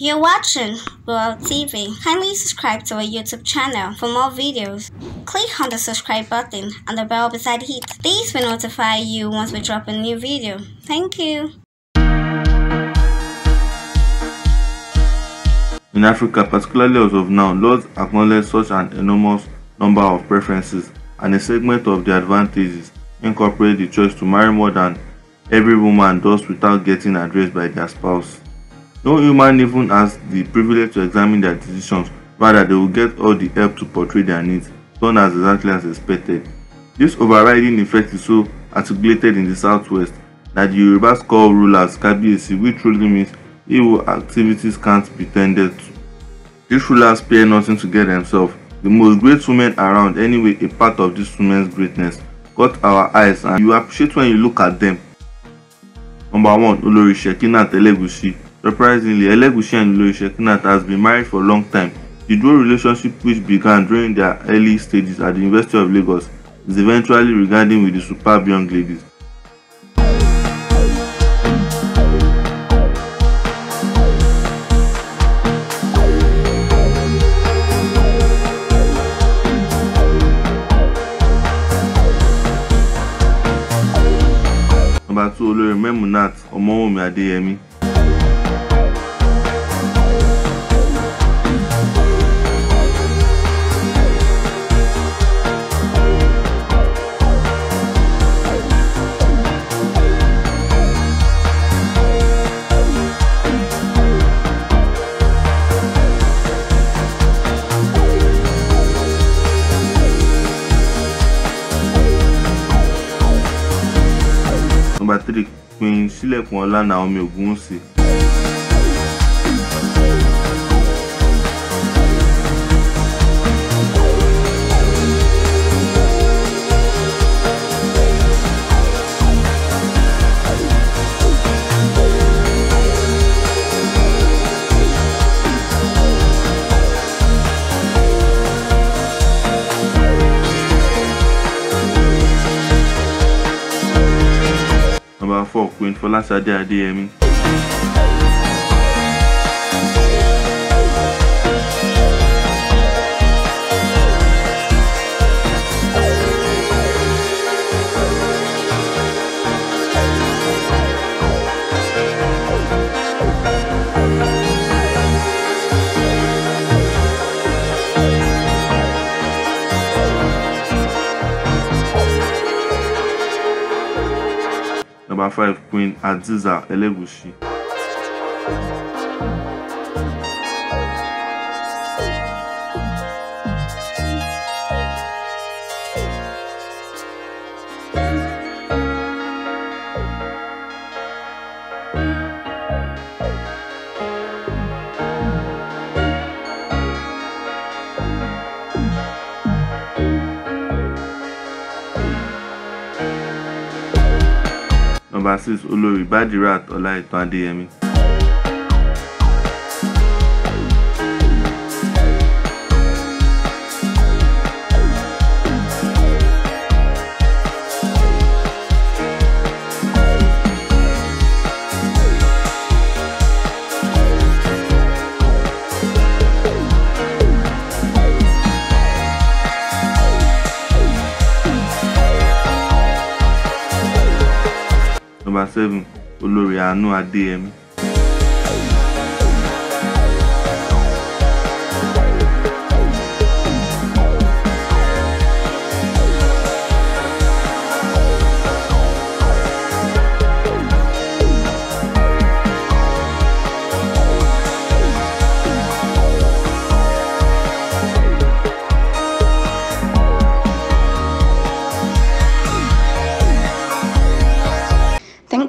You're watching World TV. Kindly subscribe to our YouTube channel for more videos. Click on the subscribe button and the bell beside it. This will notify you once we drop a new video. Thank you. In Africa, particularly as of now, laws acknowledge such an enormous number of preferences and a segment of the advantages incorporate the choice to marry more than every woman does without getting addressed by their spouse. No human even has the privilege to examine their decisions, rather they will get all the help to portray their needs, done as exactly as expected. This overriding effect is so articulated in the southwest that the Yorubas call rulers Kabiyesi which truly means evil activities can't be tended to. These rulers pay nothing to get themselves. The most great women around anyway a part of this woman's greatness caught our eyes and you appreciate when you look at them. Number 1 Olori Shekina Telegusi Surprisingly, Elegushi and Iloyi Shekinat has been married for a long time. The dual relationship which began during their early stages at the University of Lagos is eventually regarding with the superb young ladies. Number 2 Olori Memunat Omowunmi Adeyemi nọ́mbà three pín in sílẹ̀kùnọ́lá naomi ogunwúsì number four queen fọlásadé adéyẹmí. number five queen aziza elegushi. number six olórí badirat ọláìtàn adéyẹmí. number seven olórí àánú adéyẹmí